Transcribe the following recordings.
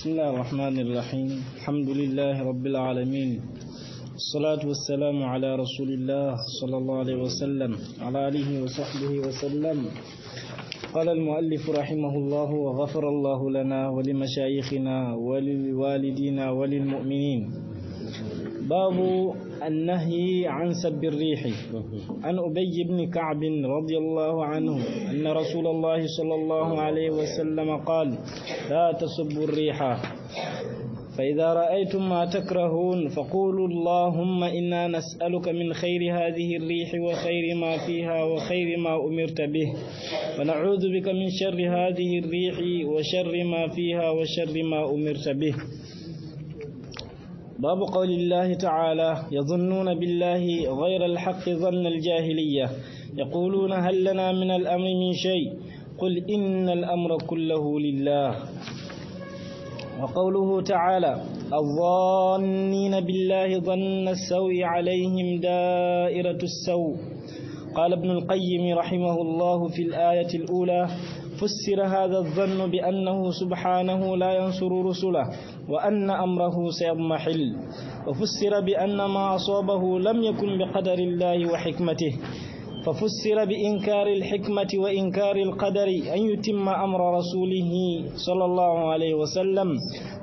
بسم الله الرحمن الرحيم الحمد لله رب العالمين الصلاة والسلام على رسول الله صلى الله عليه وسلم على آله وصحبه وسلم قال المؤلف رحمه الله وغفر الله لنا ولمشايخنا وللوالدين وللمؤمنين باب النهي عن سب الريح عن أبي بن كعب رضي الله عنه أن رسول الله صلى الله عليه وسلم قال لا تسبوا الريح فإذا رأيتم ما تكرهون فقولوا اللهم إنا نسألك من خير هذه الريح وخير ما فيها وخير ما أمرت به ونعوذ بك من شر هذه الريح وشر ما فيها وشر ما أمرت به باب قول الله تعالى يظنون بالله غير الحق ظن الجاهلية يقولون هل لنا من الأمر من شيء قل إن الأمر كله لله وقوله تعالى الظانين بالله ظن السوء عليهم دائرة السوء قال ابن القيم رحمه الله في الآية الأولى فسر هذا الظن بأنه سبحانه لا ينصر رسله وأن أمره سيضمحل وفسر بأن ما أصابه لم يكن بقدر الله وحكمته ففسر بإنكار الحكمة وإنكار القدر أن يتم أمر رسوله صلى الله عليه وسلم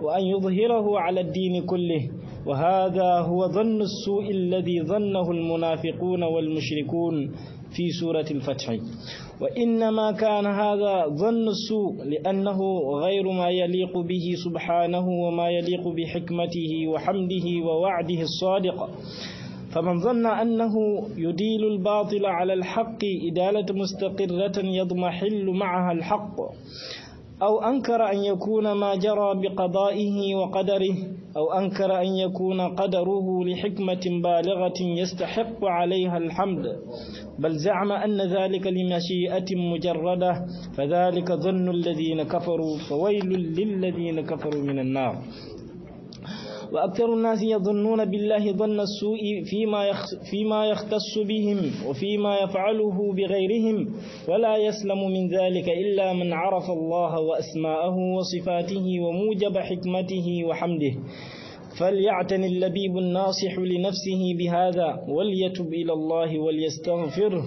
وأن يظهره على الدين كله وهذا هو ظن السوء الذي ظنه المنافقون والمشركون في سورة الفتح وإنما كان هذا ظن السوء لأنه غير ما يليق به سبحانه وما يليق بحكمته وحمده ووعده الصادق فمن ظن أنه يديل الباطل على الحق إدالة مستقرة يضمحل معها الحق أو أنكر أن يكون ما جرى بقضائه وقدره أو أنكر أن يكون قدره لحكمة بالغة يستحق عليها الحمد بل زعم أن ذلك لمشيئة مجردة فذلك ظن الذين كفروا فويل للذين كفروا من النار وأكثر الناس يظنون بالله ظن السوء فيما فيما يختص بهم وفيما يفعله بغيرهم ولا يسلم من ذلك إلا من عرف الله وأسماءه وصفاته وموجب حكمته وحمده فليعتن اللبيب الناصح لنفسه بهذا وليتب إلى الله وليستغفره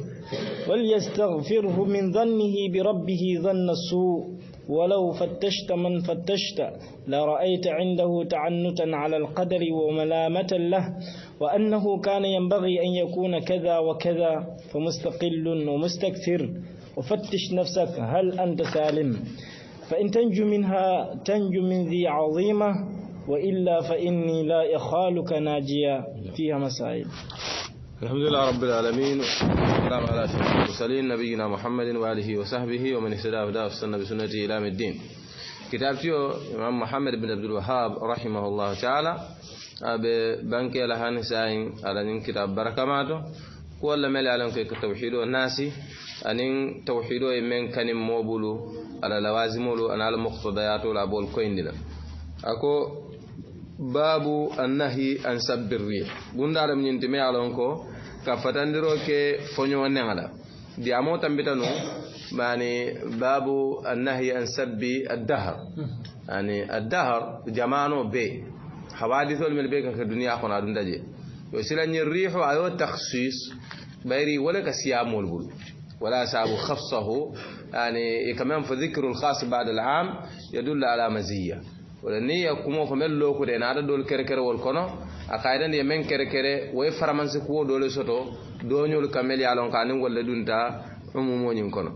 وليستغفره من ظنه بربه ظن السوء ولو فتشت من فتشت لرأيت عنده تعنتا على القدر وملامة له وأنه كان ينبغي أن يكون كذا وكذا فمستقل ومستكثر وفتش نفسك هل أنت سالم فإن تنجو منها تنجو من ذي عظيمة وإلا فإني لا إخالك ناجيا فيها مسائل الحمد لله رب العالمين والسلام على أشرف المرسلين نبينا محمد وآله وصحبه ومن اهتدى بهداه واستنى بسنته إلى يوم الدين كتاب تيو إمام محمد بن عبد الوهاب رحمه الله تعالى أبي بنك على ساين على نين كتاب بركة ماتو ما مال علم كي توحيد الناس أنين توحيد من كان موبولو على لوازمولو أنا على مقتضياته لابول كوين دينا أكو باب النهي عن سب الريح بندار من ينتمي على أنكو كفتندرو كي فنيو نغلا دي امو تنبتنو يعني باب النهي عن سب الدهر يعني الدهر جمانو بي حوادث من بي كك الدنيا خنا دون دجي يوسلني الريح او تخصيص بيري ولا كسيام البول ولا ساب خفصه يعني كمان في ذكر الخاص بعد العام يدل على مزيه wala ni ya kumo ko mel loku de naata dol kere kere wol kono a kaydan ye men kere kere way faramansi kuwo dole soto doñol kamel yalon ka nin walla dunta umumoñin kono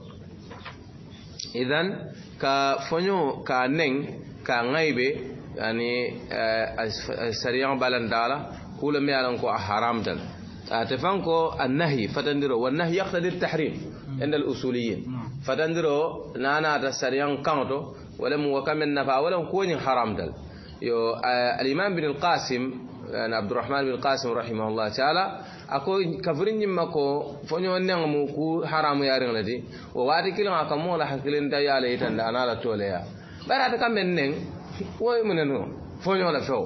idan ka foño ka neng ka ŋaybe yani sariyan balantala kula me yalon ko a haramtan ate fanko annahi fatandiro wannahi yaktadi tahrim inda al usuliyin fatandiro nanata sariyan kanto ولم وكمن نفع ولم كون حرام دل يو آه، الإمام بن القاسم يعني عبد الرحمن بن القاسم رحمه الله تعالى أكو كفرين مكو فني ونن مكو حرام يارين لدي وواري كلا كمو لا حكلين تيا ليتن أنا لا توليا برات كمن نن وي منو فني ولا فو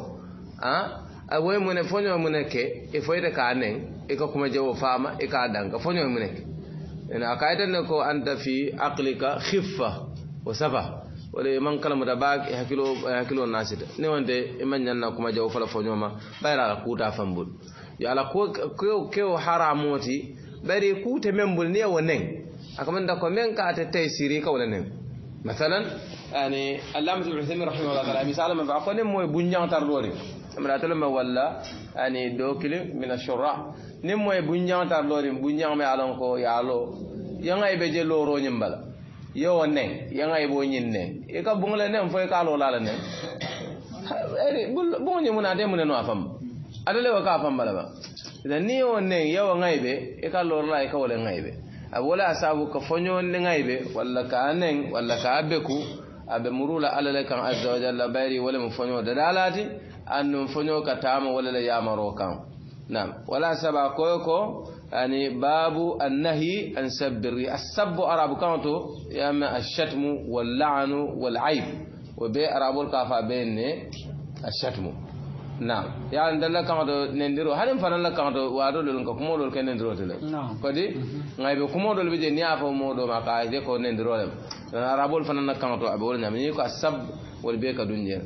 ها awoye mune foño mune ke e foyta ka nen e ka kuma jawo fama e ka danka foño mune ke ina akayta ne ko wala man kalamata baak e hakkilo hakkilo nasita ni wonde iman ñanna kuma jaw fala foñoma ɓayra ala kuuta fambol yo ala ko kew haramoti ɓayri kuute men mbol ni ewo neng akamanda ko men kaate taysiri kawla neng mathalan yani allamatu luthaimin rahimahullah taala misala ma fa ko nen moye bunjantar ɗori amratolema walla yani dow kilim min ashurra nin moye bunjantar ɗorin bunjang me alon ko yaalo yanga e ɓe je loroñim bala yo neng yanga ibo nyin neng e ka bungla neng fo e ka lo la neng eri bungo nyi muna de mun no afam adale wa ka afam bala ba idan ni yo neng yo ngaibe e ka lo la e ka wala ngaibe abola asabu ka fonyo ngaibe walla ka neng walla ka abeku abe murula alala kan azza wa jalla bayri wala mu fonyo da dalati annun fonyo ka tama wala la yamaro kan nam wala saba koyo ko يعني باب النهي عن سب الرياء السب أراب كانتو ياما الشتم واللعن والعيب وبي أراب الكافة بين الشتم نعم يعني دل كانتو نندرو هل فنان لك كانتو وادو لون كمو لون كان نندرو تلا نعم. كدي غايب كمو لون بيجي نيافو مودو ما كايدي كو نندرو لهم أراب الفنان لك كانتو أبول نعم يكو السب والبيك دنيا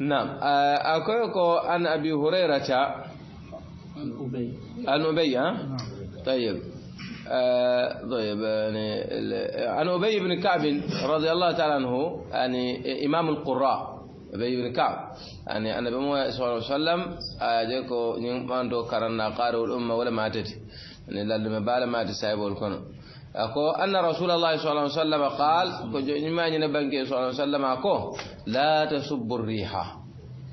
نعم آه، أكوكو أن أبي هريرة عن أبي عن أبي ها طيب آه، طيب يعني عن أبي بن كعب رضي الله تعالى عنه يعني إمام القراء أبي بن كعب يعني النبي بمو صلى الله عليه وسلم أجاكو آه، نيماندو كرنا قارو الأمة ولا ماتت يعني لما بال ماتت سايبو الكون أكو أن رسول الله صلى الله عليه وسلم قال كجمع نبي صلى الله عليه وسلم أكو لا تسب الريحة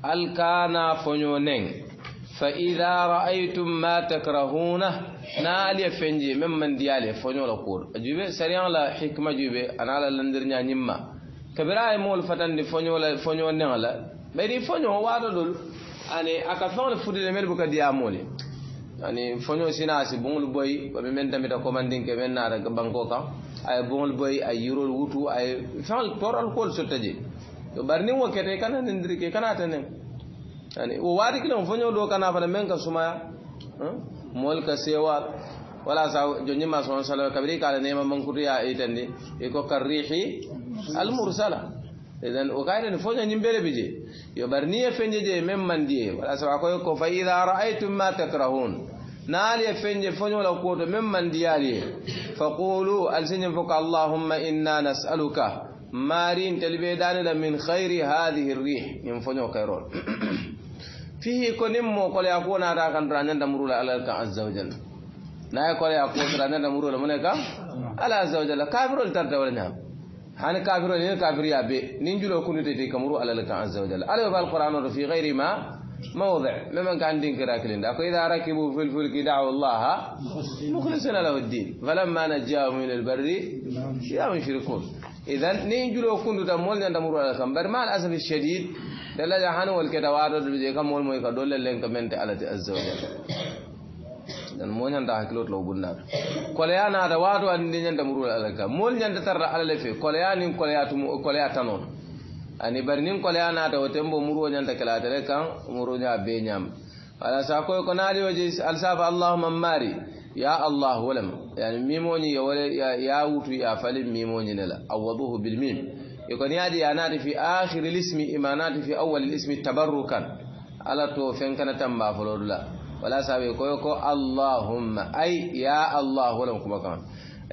الكانا فنيونين فإذا رأيتم ما تكرهونه نالي فنجي ممن ديالي فنو لقول أجيب سريان لا حكمة جيب أنا لا لندرنا نما كبراء مول فتن فنو لا يعني فنو نغلا بيري فنو وارد أني أكثر فود الميل بك ديامولي أني يعني فنو سيناسي بونل بوي ومن دمي تكوماندين كمن نارا بانكوكا أي بونل بوي أي يورو ووتو أي فعل تورال كول ستجي برني وكتي كان نندري كان أتنم يعني وواري كلهم فنجو دو كان فلا من كسما مول كسيوا ولا سا جوني ما سون سلام كبري قال نيم من كوريا ايتندي يكو كريحي المرسله اذن وكاين فنيو بيل بيجي يبرني فنجي جي من مندي ولا أكو يكو فاذا رايتم ما تكرهون نالي فنج فنجو لو كود من مندي علي فقولوا السنين فك اللهم انا نسالك مارين تلبيدان من خير هذه الريح من فنو كيرون فيه كنم وقال يكون هذا كان رانيا دمرو لا على عز وجل لا يقول يكون رانيا دمرو لا منك على عز وجل كافر التر دولنا نعم. هن كافر لين نعم؟ كافر يابي نينجو لو كنت تيجي كمرو على لك عز وجل على في في غير ما موضع مما كان دين كراكلين أكو إذا ركبوا في الفلك دعوا الله مخلصين له الدين فلما نجاهم من البر يا من يشركون إذا نينجو لو كنت تمول نينجو لو كنت تمول الأسف الشديد dala ja hani wol keta waatoto je kam wol moy ka dolle len ka mente alati azza wa jalla dan mo nyanda hakkilot law bunda koleya naata waato andi nyanda murul ala ka mol nyanda tarra ala le fe koleya nin koleya tum koleya tanon ani bari nin koleya naata o tembo muru nyanda kala tele kan muru nya be nyam ala sa ko ko naali waje al safa allahumma mari ya allah walam yani mimoni ya wala ya wutu ya falim mimoni nela awaduhu bil mim يكون يادي أنات في آخر الاسم إيمانات في أول الاسم تبركا على توفين كان تنبع فلور الله ولا سابي كويكو اللهم أي يا الله ولم كما كمان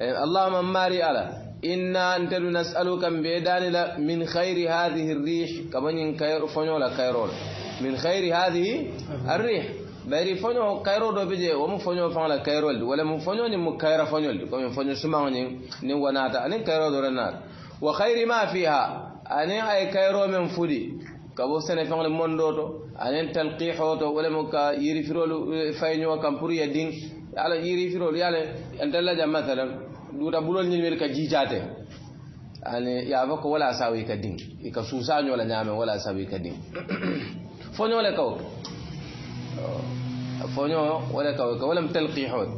إيه، اللهم ماري على إنا أنت نسألك بيدان من خير هذه الريح كمان كير فنولا كيرول من خير هذه الريح بيري foño كيرو do beje wo mu foño fa la kayrol wala mu foño ni كم kayra foñol ko mu foño كيرو ni ni وخير ما فيها أنا أي كيرو من فدي كابو سنة فان لموندوتو أن تلقيحوتو ولمك يريفرولو فاينيو كامبوري الدين على يريفرولو يعني أن تلجا مثلا دورا بولون نيميل كجيجاتي أن يعفوك ولا ساوي كدين إيكا سوسانيو ولا نعم ولا ساوي كدين فونيو ولا كوك فونيو ولا كوك ولم تلقيحوت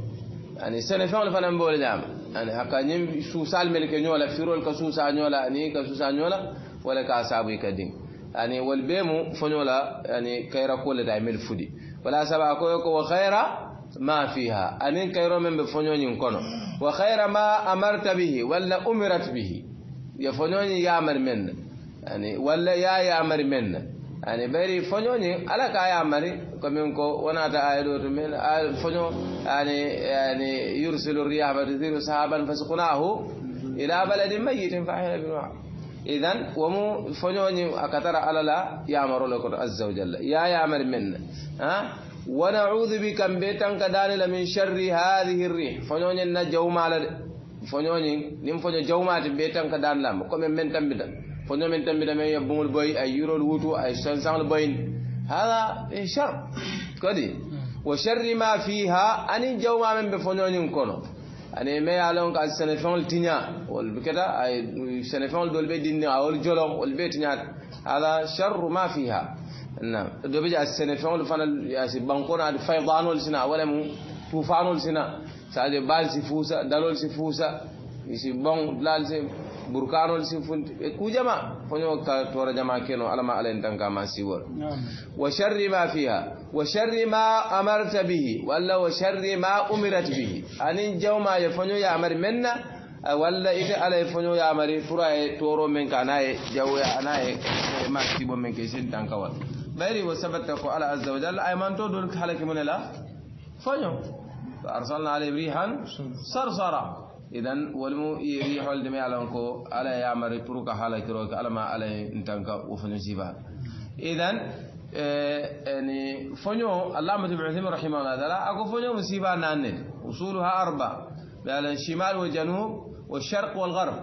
يعني سنة فان لفان بول نعم ani haka ñiŋ suusaalu melu ke ñoo la ka suusaa ñoo la ani ka suusaa ñoo la wo ka sabu saabu ka diŋ ani wal bemu fonyola ani kayra kuo le ta melu fudi wala saba ko ko wa khaira ma fiha ani kayro meŋ be foñoo ñiŋ wa khaira ma amarta bihi wala umirat bihi ya fonyoni ya amar men ani wala ya ya amar men ani beri foño ñi ala ka ya mari comme ko wonata aya ɗo to min foño ani yani yursilu riyah fa tuthiru sahaban fasuknahu ila baladin mayitin fa ahina bi nuha idan womu foñoñi ni akatara ala la ya yamarole koto azza wa jalla ya yamari men ha wa naudu bika mbe tanka la min sharri hadihi rih ni na jawmala de foñoñin nin foño jawmati mbe tanka danilama comme men tambita فنو من يبوم البوي أي يورو الوتو أي سنسان البوين هذا شر كدي وشر ما فيها أن جو ما من بفنون كونو أنا ما يعلم كان سنفون التنيا والبكرة أي سنفون دول بيت دين أو الجلوم والبيت هذا شر ما فيها نعم دو بيجي السنفون الفن ياسي بانكونا الفيضان والسنا ولا مو طوفان والسنا ساجي بال دلول دالول سفوسا يسي بان دلال سفوسا burkanol sifunti e kujama fonyo ta tora jama keno alama tanka ma siwol wa sharri ma fiha wa sharri ma amarta bihi walla wa sharri ma umirat bihi anin jawma fonyo ya amar menna walla ite alay fonyo ya amar fura e toro men kana e jawya anaye ma sibo men ke tanka wa bari wa sabata ko ala azza wa jalla aymanto dol halake mune la arsalna alay rihan sarsara idan walmu yeri holde me alan ko ala ya mari pour ka hala kiro ka alama ala intanka wofunu siba idan يعني فنيو علامة ابن عثيمين رحمه الله تعالى أكو فنيو مصيبة نانن أصولها أربعة يعني الشمال والجنوب والشرق والغرب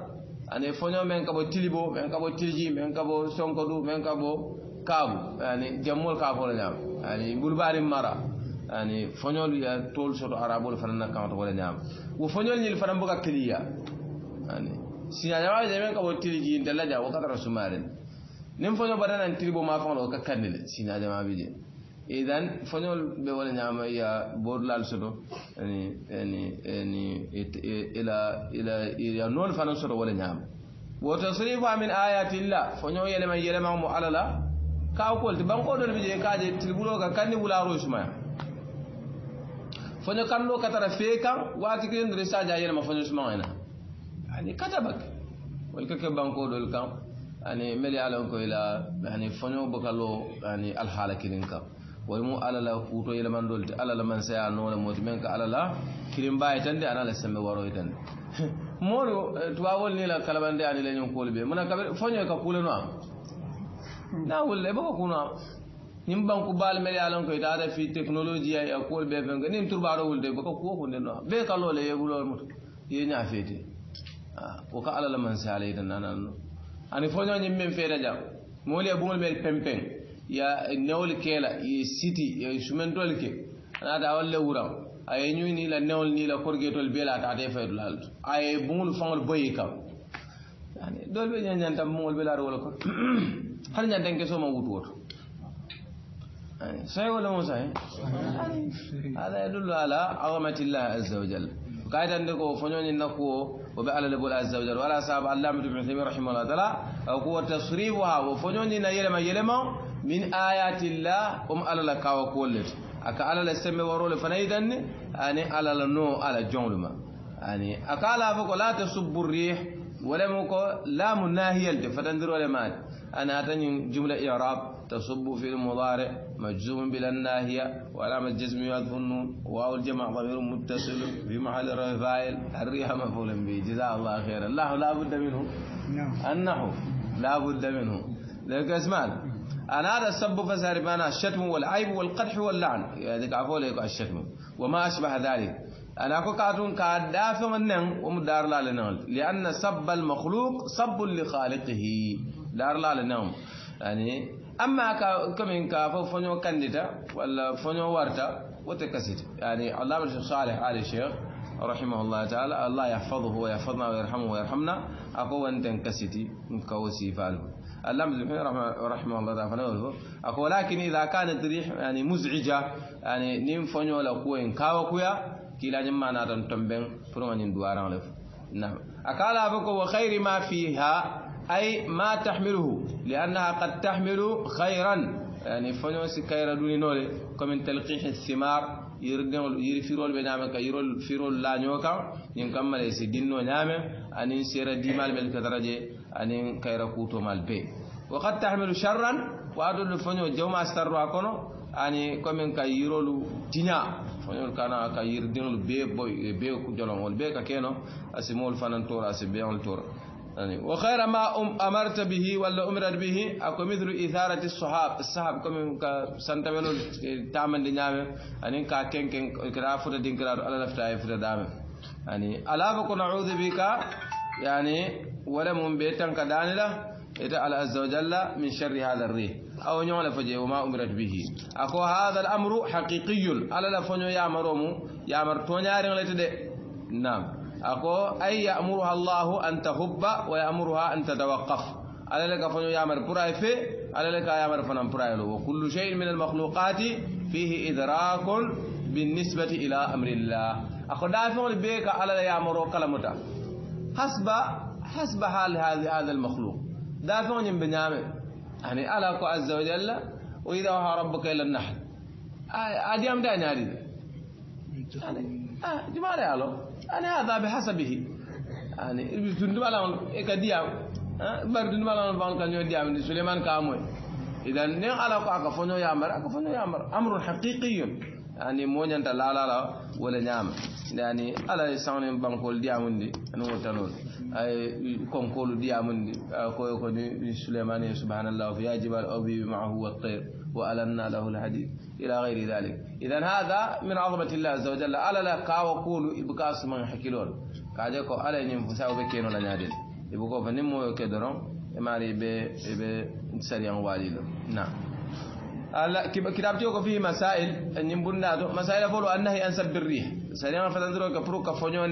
يعني فنيو من كابو تليبو من كابو تلجي من كابو سونكدو من كابو كابو يعني جمول كابو يعني بلبار مرة يعني فنول يا تول سوتو عربول فنان كانت ولا نعم وفنول نيل فنان بوكا كليا يعني سينا نوا جميع كو تيجي انت لا جا وكثر سمارن نم فنول بدن ان تيبو ما فنول وكا كانل سينا جماعه بيجي اذن فنول بولا نعم يا بورلال سوتو يعني يعني يعني الى الى الى نول فنان سوتو ولا نعم وتصريفها من آيات الله فنو يلما يلما على لا كاو قلت بانقول بيجي كاجي تلبلوغا كاني ولا روش ما فنو لو كتر فيكا واتي كين رسا جاير ما فنو يعني كتبك ولك بانكو دول كام يعني ملي على كو الى يعني فنو بكالو يعني الحاله كلين كام على لا فوتو يلا من دولت على لا من سيا نو لا موت منك على لا كريم باي تندي انا لا سمي ورو تندي مورو تواول ني لا كلبان دي اني لا نيون كولبي منا كبر فنيو كا نا ولا بكو كنا ñim banku baal mel yalan ko itaata fi technologie ay akol be fenga nim turbaaro wulde bako ko ko nden no be ka lole ye gulol mutu ye nya fete ko ka ala man sa ala idan nan no ani fo nya ñim men fere ja moli e bumol mel pempen ya newol kela ye city ye sumentol ke anata walle wuram aye ñuy ni la newol ni la korgetol be la taate faydu lal aye bumul fangol boyi kam yani dolbe ñan ñan tam mol be la wala ko har ñan denke so ma wutu woto صحيح ولا مو صحيح هذا يدل على عظمة الله عز وجل قاعد عندك فنون النقوة وبعلى لب الله عز وجل ولا صاحب الله ابن عثيمين رحمه الله تعالى وقوة تصريفها وفنون يلما يلما من آيات الله أم على لك وقولت أكا على السم ورول فنيدن أني على النو على الجمل ما أني أكا على فوق لا تسب الريح ولا موكو لا مناهية فتندر ولا مات أنا أتني جملة إعراب تصب في المضارع مجزوم بلا الناهية وعلامة الجزم يذف النون واو الجمع ضمير متصل في محل رفع الريح مفعول به جزاه الله خيرا الله لا بد منه نعم. النحو لا بد منه لك اسمع أنا هذا السب بنا الشتم والعيب والقدح واللعن هذيك عفوا الشتم وما أشبه ذلك أنا كاتون كاتون كادافع النعم ومدار لا لأن سب المخلوق سب لخالقه darla le nam ani amma ka kamin ka fo fonyo kandida wala fonyo warta wata kasita yani allama shaykh salih رحمه الله تعالى الله يحفظه ويحفظنا ويرحمه ويرحمنا أقوى أنت انكسيتي مكوسي فالو اللمز رحمه الله تعالى فنوله أقول لكن إذا كانت ريح يعني مزعجة يعني نيم فنيو لقوة إن كاوكويا كلا جمع نارن تنبين فرمان دواران لف نعم أقال أبوك وخير ما فيها أي ما تحمله لأنها قد تحمل خيرا يعني فنوس كيرا دوني نولي كمن تلقيح الثمار يردن يرفيرول بنامك يرول فيرول لا نيوكا ينكمل يسدينو نامه أن ينسير ديمال بالكترجة أن ينكيرا كوتو مال بي وقد تحمل شرا وأدل فنو جوما استروا كونو أني كمن كيرولو تينا فنول كنا كيردين البيب بي كجلون بي ككينو أسمول فنان تور أسبيون تور يعني وخير ما أم أمرت به ولا أمر به أكو مثل إثارة الصحاب الصحاب كم سنتبلو تامن لنعمة يعني كاكين كين كرافة دين ألا على لفتاي فتدام يعني ألا بكو نعوذ بك يعني ولا من بيتا كدان لا إذا على عز وجل من شر هذا الريح أو نعلى فجي وما أمرت به أكو هذا الأمر حقيقي ألا لفنو يا مرومو يا مرتون مرتونيارين لتدي نعم أكو أي يأمرها الله أن تحب ويأمرها أن تتوقف على لك فن يأمر براي في على لك يأمر فن براي له وكل شيء من المخلوقات فيه إدراك بالنسبة إلى أمر الله أكو دافعون بيك على يأمر وكلمته حسب حسب حال هذا هذا المخلوق دافعون بنعمه يعني على أكو عز وجل وإذا وها ربك إلى النحل أديم داني هذه يعني آه جمالي أنا هذا بحسبه يعني تندب على إكديا بار تندب على فان كان يديا من سليمان كاموي إذا نين على كفنو يامر كفنو يامر أمر حقيقي ani moñanta lalala wala ñaama yani ala sawne bankol diyamundi ani wotanol ay konkolu diyamundi koyo ko ni souleymani subhanallah fi yajibal aw bi ma'ahu wa tayr wa alanna lahu alhadid ila ghairi dhalik idan hada min azamati allah azza wa jalla ala la kawa kulu ibkas man hakilol kaje ko ala ñim fusaw be keno la ibuko ibugo fa nimmo ke doron e mari be be sariyan walilo na كتابتي فيه مسائل ان يمبرنا مسائل فولو أنه انسب بالريح سريعا فتندرو كفرو كفونيو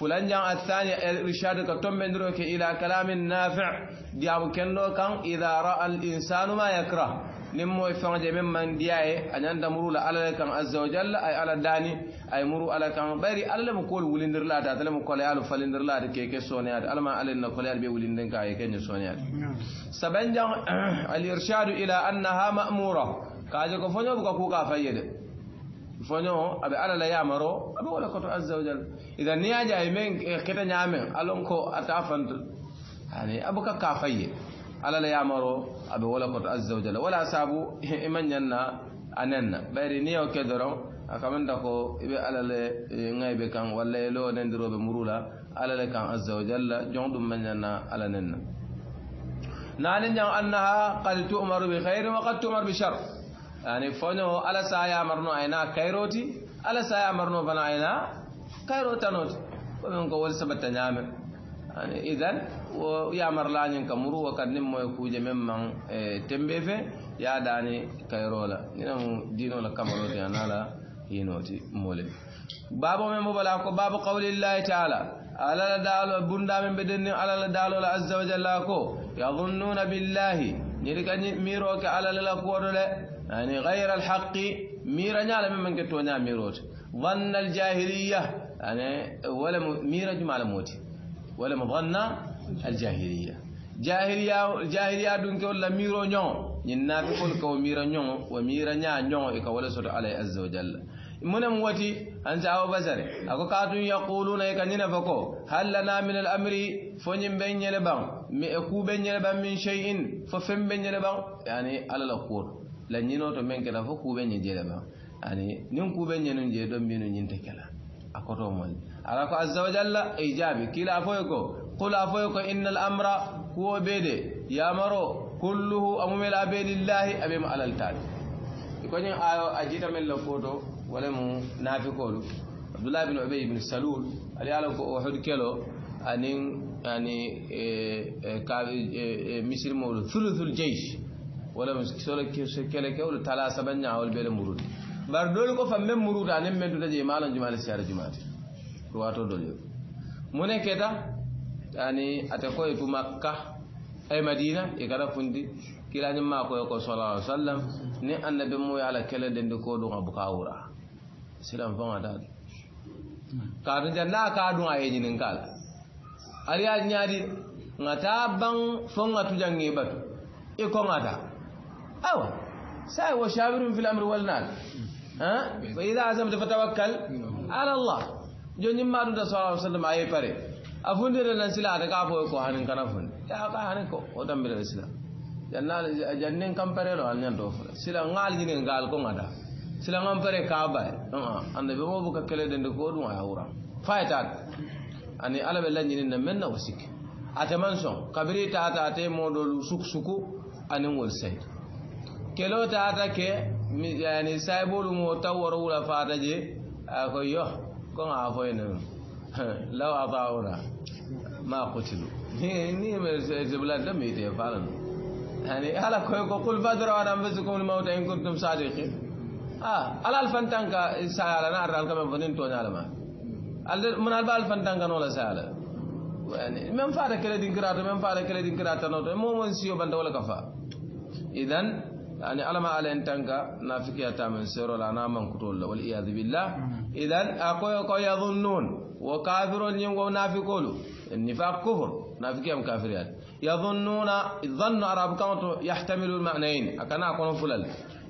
فلان جان الثاني الرشاد كتم بندرو الى كلام نافع ديام كنو كان اذا راى الانسان ما يكره نموي فانجي من من دياي إيه؟ ان عند مرو لا على كان عز وجل اي على داني اي مرو على كان بري الله مكول ولندر لا تدل مكول يالو فلندر لا كي كي سونيات علما على ان على يال بي ولندن كاي كني سونيات سبن على الارشاد الى انها ماموره كاجو فنيو بكو كوكا فايده فنيو ابي على لا يامرو ابي ولا كوت عز وجل اذا نياجا اي من كتا نيامن الونكو اتافنت يعني ابوكا كافيه ala la yamaro abe wala koto azza wa jalla wala sabu iman yanna anenna bayri ni yo kedoro akamanda ko ibe ala le ngaybe kan walla e lo nendirobe murula ala le kan azza wa jalla jon dum man yanna ala nenna nalin jang annaha qad tu'maru bi khairin wa qad tu'maru bi shar yani fonyo ala sa yamarno ayna kairoti ala sa yamarno bana ayna kairotanoti ko men wol sabata nyame yani idan wo yamar lañin kamuru wo kad nin moye kuje men man tembe fe ya dani kayrola ninam dinola kamarote anala yinoti mole babo men mobala ko babu qawlillahi taala alala daalo bundamen ɓe denni alala daalola azza wa jalla ko yadunnuna billahi ñiri ka miroke alalala kuwoto de yani gayra alhaqi mira ñala men manke toña mirote vanna aljahiliya yani wala mira jumala moti wala mo aljahiliya jahiliya jahiliya ɗum ke walla miro ñoo ñin naafikol kawo mira ñoo wo mira ñaa ñoo e ka wala soto alay azza wa jalla munem wati an sa awa basare ako katum yaquluna e ka ñine fo ko hal lana min al amri fo ñin ɓen ñele ɓan mi e kuɓe ñele ɓan min chey in fo fen ɓe ñele ɓan yani ala la kuur la ñino to men kela fo kuɓe ñe jele ɓan yani nin kuɓe ñenun je ɗon mbinu ñinte kela a kotomol ala ko azza wa jalla e jaabi kila foye ko قل أفوك إن الأمر هو بيد يا مرو كله أممل أبيد الله أبي ما ألالتان يكون آيو أجيت من لفوتو ولم نافقولو عبد الله بن أبي بن سلول اللي على أحد كيلو أنين يعني إيه، إيه، إيه، مصر مولو ثلث الجيش ولم كيلو كيلو ثلاثة بنيا والبيل مرود bar dole ko famme muruta nem men tudaje malan jumaale siara jumaate wato dole mune keta yani ate koye tu makka ay madina e kada fundi kilani ma ko ko sallallahu alaihi wasallam ni annabi mu ya ala kala den ko do ko bukawura silam fanga da karin janna ka dun aye nyinin kala ariya nyaari ngata bang fonga tu jangi batu e ko ngata awa sai wa shawirun fil amri wal nal ha fa idha azamta fatawakkal ala allah joni ma dun sallallahu alaihi wasallam aye pare afundi da nan sila da kafo ko hanin kana fundi ya ka hanin ko o tambe da sila jannal jannen kampare ro alnyan do fura sila ngal ni ngal ko ngada sila ngampare ka ba an annabi mo buka kele den ko dum ya wura fayta ani ala be lanyin nan men na wasik ataman son kabri ta ta te modol suk suku anin wol sai kelo ta ta ke yani sai bolu mo tawara wula fata je ko yo ko ngafo ne law atauna ما قتلوا ني البلاد لم يتفعلن يعني هلك يقول فادروا عن انفسكم الموت ان كنتم صادقين اه على الفنتانكا سالا نار الكم فنين توني على ما من البال الفنتانكا ولا سالا يعني من فارق كلا دين كرات من فارق كلا دين كرات نوت مو من سيو بند ولا كفا اذا يعني على ما على انتانكا نافكيا تامن سيرو لانا من كتول والعياذ بالله اذا اكو يظنون وكافر ينغو نافقولو النفاق كفر نافقين كافرين يظنون ظن أراب كما يحتمل المعنيين أكنا أقول فلل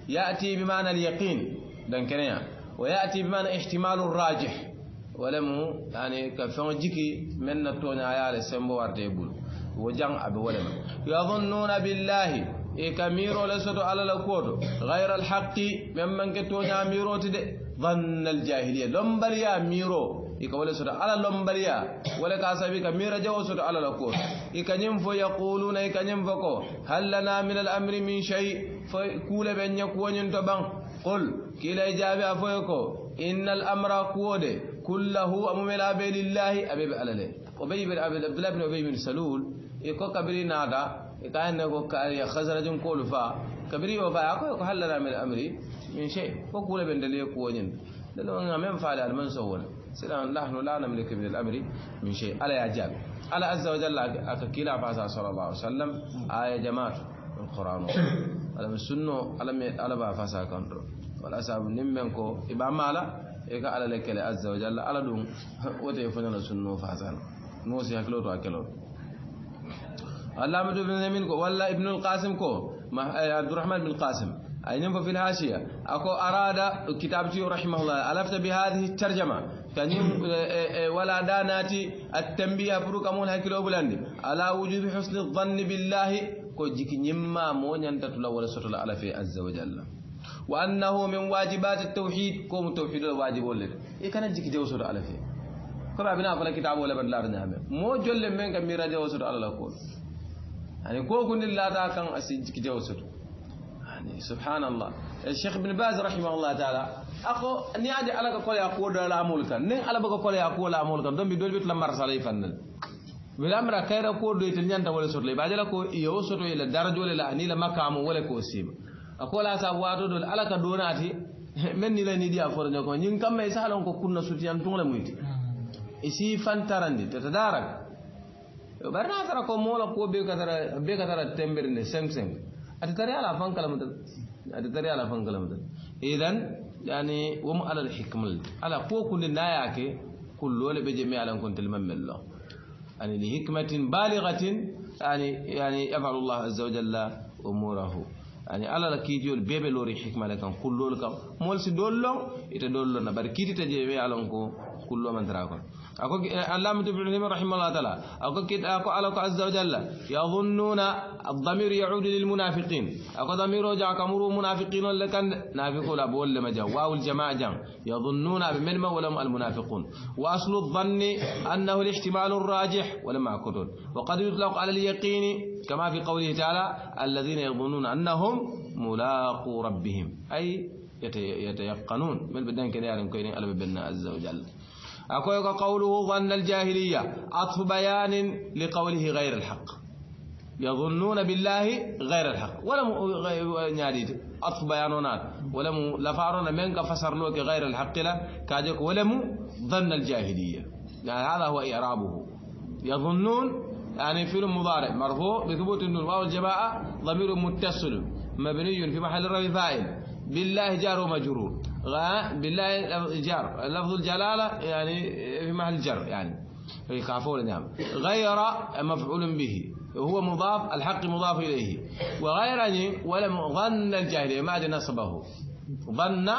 يأتي بمعنى اليقين دنكنيا ويأتي بمعنى احتمال الراجح ولم يعني كفون جيكي من نتوني عيال سمبو وارتيبول وجن أبي ولم يظنون بالله إكاميرو إيه لسدو على لكودو غير الحق ممن كتوني أميرو تدي ظن الجاهلية لنبل يا ميرو يقول سورة على لومبريا ولا كاسابي كميرا جو سورة على لكو يكنيم فو يقولون يكنيم فكو هل لنا من الأمر من شيء فكول بين يكون ينتبان قل كلا إجابة فوكو إن الأمر كود كله أمملا بين الله أبي بألله أبي بن عبد الله بن أبي بن سلول يكو كبري نادا يكاين نكو كاري خزرجم كول فا كبري وفا يكو هل لنا من الأمر من شيء فكول بين دليل كوين دلوا نعمل فعل المنسوون سلام نحن لا نملك من الأمر من شيء على يا على عز وجل أكيلا فاسا صلى الله عليه وسلم آية جماعة القرآن على السنة على من ألا فاسا كندر ولا سابو نمنكو إبا مالا إيكا على لك عز وجل على دون وتيفنا السنة فاسا موسى أكلو تو أكلو علامة ابن زمين كو ولا ابن القاسم كو ما آه، عبد الرحمن بن القاسم أي نمو في الهاشية أكو أراد كتابتي رحمه الله ألفت بهذه الترجمة كنيم آه، آه، آه، ولا داناتي التنبيه بروك مون هكذا بلندي على وجوب حسن الظن بالله كو جيك نيما مو نانتا تولا ولا سوتلا على في عز وجل وأنه من واجبات التوحيد كوم توحيد الواجب ولد اي كان جيك جو سوتلا على في كما بنا فلا كتاب ولا بدل نعم مو جول من كان ميرا جو سوتلا على كول يعني كو كن الله تا كان اسي جيك جو سوتلا يعني سبحان الله الشيخ ابن باز رحمه الله تعالى ako ni adi ala ka kole ko do la amul kan nin ala baka kole ko la amul kan don bi do bit la marsa lay fannan wilamra kayra ko do itel nyanta wala sotle ba jala ko yo soto ila darajo le la anila makamu wala ko sima akola sa wato do ala ka donati men ni la ni dia for nyako nyin kam mai salon ko kunna sutiyan tun la muyti isi fantarandi to tadarak barna tara ko mola ko be ka tara be ka tara tembirne sem sem atari ala fankala mutal atari ala fankala mutal idan يعني وم على الحكم على قوة كل نياك كل لول بجميع لهم كنت الممل له يعني لحكمة بالغة يعني يعني يفعل الله عز وجل أموره يعني على الكيد يقول بيبلو حكمة لكن كل لول كم مول سدول له يتدول له نبر لهم تجميع أن كنت كل من تراكم اللهم اللام ابن عثيمين رحمه الله تعالى أقول كت أقول على عز وجل يظنون الضمير يعود للمنافقين أقول ضمير وجع كمرو منافقين لكن نافقوا نافقون أبو ولا مجا واو الجماعة جم يظنون بمن ما ولم المنافقون وأصل الظن أنه الاحتمال الراجح ولما أكدون وقد يطلق على اليقين كما في قوله تعالى الذين يظنون أنهم ملاقو ربهم أي يتيقنون من بدان كده يعلم كيني ألب بنا عز وجل لك قوله ظن الجاهلية عطف بيان لقوله غير الحق يظنون بالله غير الحق ولم نادي يعني عطف بيانونات ولم لفارون من فسر لوك غير الحق لا كاجك ولم ظن الجاهلية يعني هذا هو إعرابه يظنون يعني فعل مضارع مرفوع بثبوت النون واو الجماعة ضمير متصل مبني في محل رفع فاعل بالله جار ومجرور غاء بالله الجر لفظ الجلالة يعني في محل الجر يعني يخافون كافور نعم غير مفعول به هو مضاف الحق مضاف إليه وغيرني ولم ظن الجاهلية ما نصبه ظن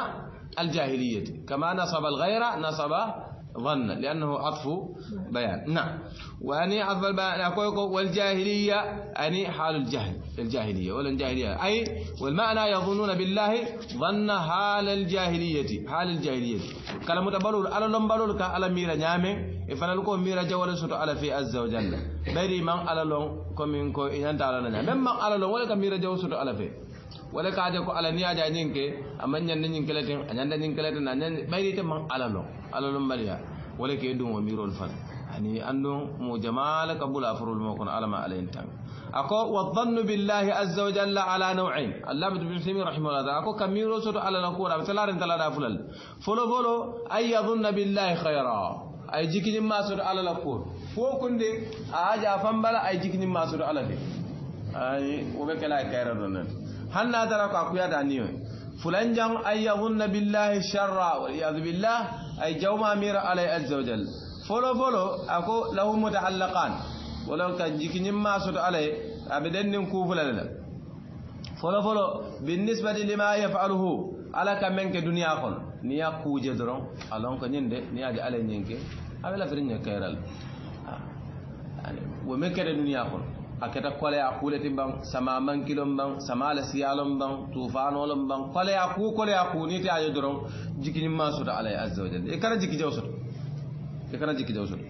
الجاهلية كما نصب الغير نصب ظن لأنه عطف بيان نعم وأني عطف البيان والجاهلية أني حال الجهل الجاهلية ولا الجاهلية أي والمعنى يظنون بالله ظن حال الجاهلية حال الجاهلية قال متبرر على لمبرر على ميرا نعمه ifanalko mira jawale soto ala fi azza wa jalla bari man alalon komin ko inanta ala nanya men man alalon wala ka mira jaw wala ka de ko ala ni aja nyinke amman nyan nyin kala tin anyan da nyin kala tin anyan bayri te man ala lo ala lo mariya wala ke dum wamirol fal ani ando mo jamal kabula farul mo kon ala ma alayn tan ako wa dhannu billahi azza wa jalla ala naw'ain allah ibn simi rahimahullah ako kamiro soto ala na ko da salarin tala da fulal folo bolo ay yadhunna billahi khaira ay jikinim ma soto ala la ko fo kunde a aja fambala ay jikinim ma soto ala de ay wo be kala kayra donen han na tara ko akuya da niyo fulan jang ayyahunna billahi sharra wal iyad billah ay jawma mira alai azza wajal folo folo ako lahum mutahallaqan walau kan jikinyim ma soto alai abidan nin ku fulala folo folo بالنسبه لما يفعله على كمن كدنيا كون نيا كوجه درون الون كنين دي نيا دي على نينكي abela firin ya kairal wame kere duniya kun aketa ya kule ban sama mankilon ban sama la tufano lom bang kole ya ku ya ku niti ajo doron jikiñimma soto alai azza wa jalla e kana jikki jaw soto e kana jikki jaw soto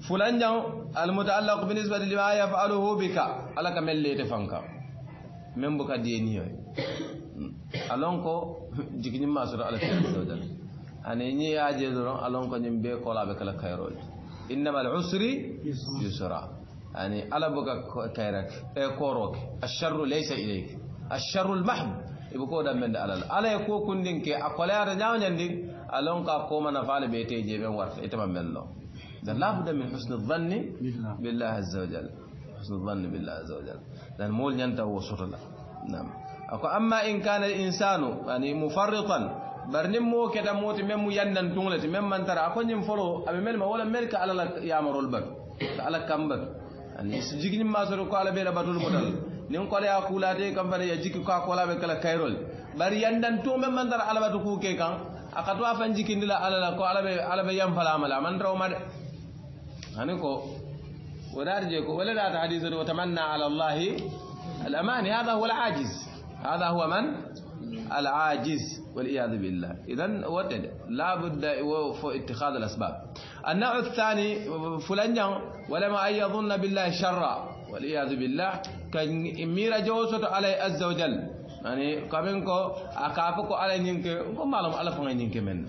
fulan jan almutaallaqu binisbati lima yafaluhu bika alaka melle te fanka de ni deniyo alon ko jikiñimma soto ala azza wa jalla ani ñi je doron alon ko ñim be kala kayroje innama al usri yusra يعني ألا بقى كيرك إيه كورك الشر ليس إليك الشر المحب يبقى هذا من ألا ألا يكون كندين كي أقول يا رجال يندين ألون أنا فعل بيتي جيبين ورث إتمام إيه من الله ده بد من حسن الظن بالله عز وجل حسن الظن بالله عز وجل لأن مول هو وصر الله نعم أكو أما إن كان الإنسان يعني مفرطا barnin mo ke da moti ينن mu yannan من ترى أكو tara فلو أبي مل ما ولا ملك wala melka alala ya marol bak jigini ma soro ko ala be la batul mutal nin ko ya kula de kam fana ya jiki ko ko la be kala kayrol bari yandan to men man dar ala batu ku ke kan aka to afan jiki ndila ala la ko ala be ala be yam fala mala man raw ma de ani ko ودار جيكو ولا لا حديث وتمنى على الله الأمان هذا هو العاجز هذا هو من العاجز والعياذ بالله إذا وتد لا بد اتخاذ الأسباب النوع الثاني فلان ولما أن يظن بالله شرا والعياذ بالله كان امير جوسة على عز وجل يعني كمنكو أكافكو على نينك وما لهم ألف نينك من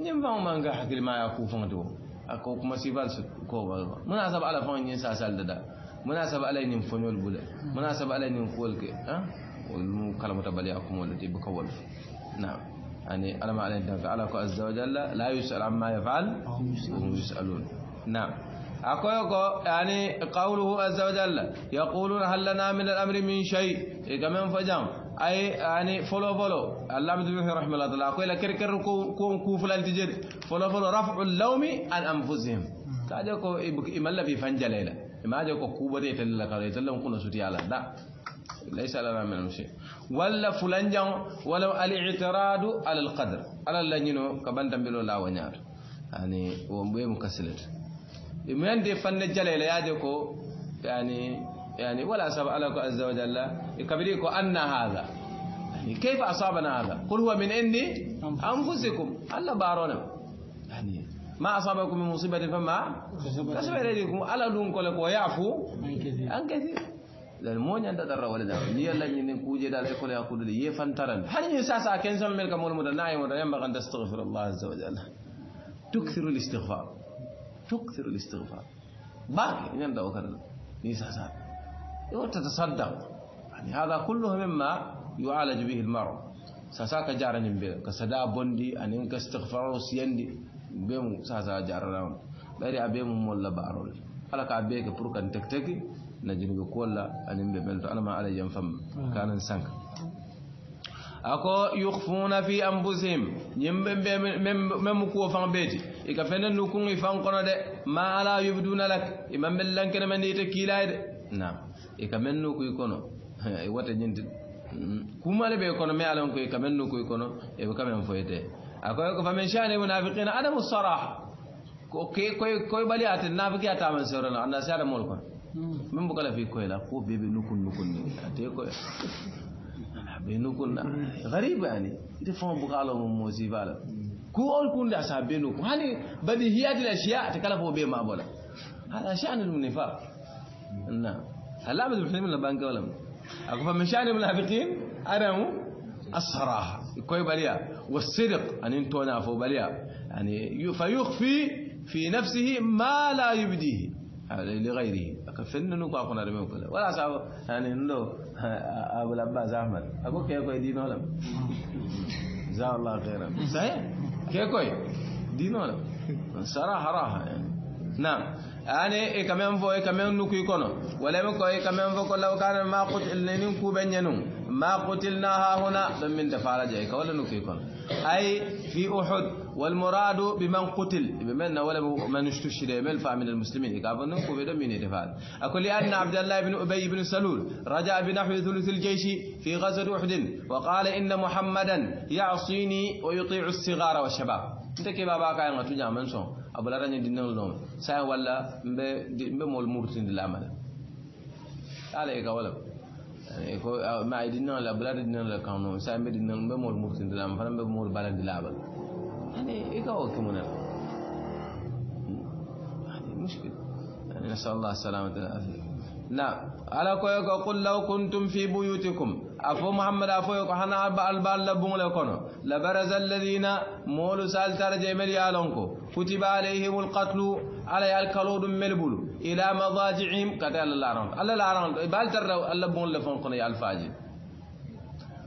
نيم فهم ما نجح ما يكون دو أكو كما مصيبة كو مناسب على فهم نين ساسال دا مناسب على نين فنول بول مناسب على نين كولك ها أه؟ mu كلمة baliya kumolu ti buka wolu يعني أنا ما عليه دافع على عز وجل لا يسأل عما يفعل هم يسألون نعم أقول يعني قوله عز وجل يقولون هل لنا من الأمر من شيء إيه كما فجام أي يعني فلو فلو اللهم تبين رحمة الله تعالى أقول لك كر كون كوف الالتجر فلو فلو رفع اللوم عن أنفسهم كاجوكو إملا إيه إيه في فنجليلا ما جوكو كوبريت لك يتلم كنا سوتي على لا ليس لنا من شيء ولا فلان جان ولا الاعتراض على القدر على الله ينو كبان تنبلو لا ونيار يعني ومبي مكسلت من دي فن جليل يا ديكو يعني يعني ولا سبب الله عز وجل كبريكو أن هذا يعني كيف أصابنا هذا قل هو من عندي أنفسكم الله بارونا يعني ما أصابكم من مصيبة فما كسب إليكم ألا دونكم ويعفو عن كثير lan moñan da darra wala dam ni yalla ni nen kuje dal école ya kudu ye fantaran hanni sa sa ken sam mel ka mol mudan nay mudan yamba kan tastaghfir allah azza wa jalla tukthiru al-istighfar tukthiru al-istighfar باقي من يبدأ وكذا ليس حساب وتتصدق يعني هذا كله مما يعالج به المرض ساساك جارا نبيل كسدا بندي أن ينك استغفار سيندي بيمو ساسا جارا لهم بيري أبيمو مولا بارول ألا كأبيك بروك أن تكتكي na junubi kuwolla anin ɓe ɓelto alama ala jam famma kanan sanka ako yukhfuna fi anfusihim ñimɓe meme kuwo fan beeti i ka fenen nu kun i fan kono de ma ala yubduna lak iman ɓel lankene men ite kiilay de nam i ka men nu kuy kono i wata ñinti kumale ɓe kono mais alan koy ka men nu kuy kono eɓe kamen foyete akoy ko famin shani munafiqina adamu saraha koy koy ɓali aten nafiki a taman serona annasi adamol kono من بقى في كويلا كو بيبي نوكل نوكل مني اتي كويلا بي نوكل غريب يعني دي فون بقى على موزي بالا كو اول كون دا سا بي نوكل هاني بدي هي دي الاشياء تكلفو بي ما بولا هذا شان النفاق نعم هلا بده يحلم لنا بانك ولا اكو فمن شان المنافقين ادم الصراحه كوي بليا والصدق ان انتو نافو بليا يعني فيخفي في نفسه ما لا يبديه لغيره فإنه نقع قنا لم يقل ولا كاب يعني نلو أبو العباس أحمد أبو كي كوي دينه لم جزا الله خيرا صحيح كي كوي دينه لم سرا حراها يعني نعم يعني كمان اي كمان نكوي كنا ولا اي كمان فو لو كان ما قلت اللي نكوي بينهم ما قتلنا ها هنا من تفعل جايك ولا نكيكم أي في أحد والمراد بمن قتل بمن ولا من اشتشد ملفع من المسلمين كابن كوبيدا من يتفعل أقول لأن عبد الله بن أبي بن سلول رجع بنحو ثلث الجيش في غزوة أحد وقال إن محمدا يعصيني ويطيع الصغار والشباب أنت كيف باباك أنا تجاه من سون أبو لا رني دينه لون سأ ولا مب مب مورتين العمل عليك ولا il faut ma ay dina la bla dina la kan non sa mbe dina mbe mor mufti dina fa mbe mor bala dina ba يعني يقوى كمنا هذه مشكلة يعني نسأل الله السلامة والعافية نعم على كويك قل لو كنتم في بيوتكم أفو محمد أفو يكو حنا البال لبون لكونو لبرز الذين مولو سال ترجع مليالونكو كتب عليهم القتل على الكلود ملبول إلى مضاجعهم قتال الله رحمه الله رحمه بال ترى اللبون لفون يا الفاجي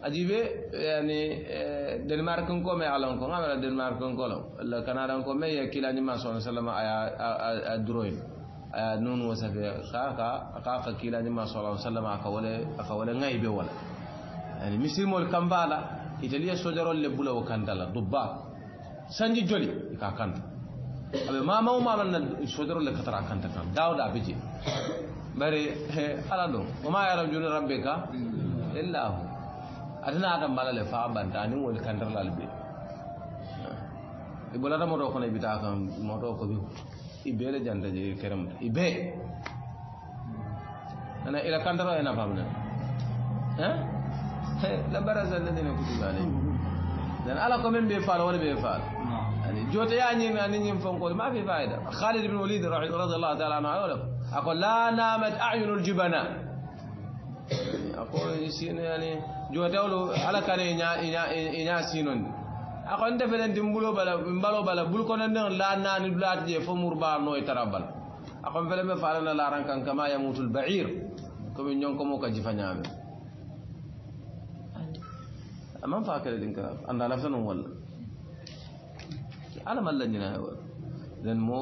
أجيبه يعني آه، دنمارك كنكو مي يعلم كنكو ما دنمارك كنكو لو كندا كنكو مي يكيلاني ما صلى الله عليه وسلم أدروين nun wasafe kaka kaka kilanima sala sallam akawole akawole ŋaybe wala ani misirimol kambala italiya sojarol le bula wo kantala dubba sanji joli ika kanta aɓe mamawo mamanna sojarol le katara kanta kan dawda aɓe je bari ala ɗum woma yaram juni rabbe ka illa hu atana adam bala le fa banta anin wol kantarlal ɓe i ɓolata moto kono ibita kam moto ko ɓe hutu ibele janta je kerem ibe ana ila kandara ena famna la baraza alladhina kutiba alayhim dan ala ko men be faala wala be faala yani jota yani ani nyim fonko ma fi faida Khalid ibn Walid radhiyallahu ta'ala anhu aqul la namat a'yunul jubana aqul سين يعني جو wala ala كان nya nya nya sinon akon defenenti mbulo bala mbalo bala bul kono nden la naani dulaati je fo murba noy tarabal akon fele me falana laran kan kama yamutul ba'ir komi ñonko mo ka jifa ñaame aman fa kala din ka anda lafta non walla ala man lanina لأن مو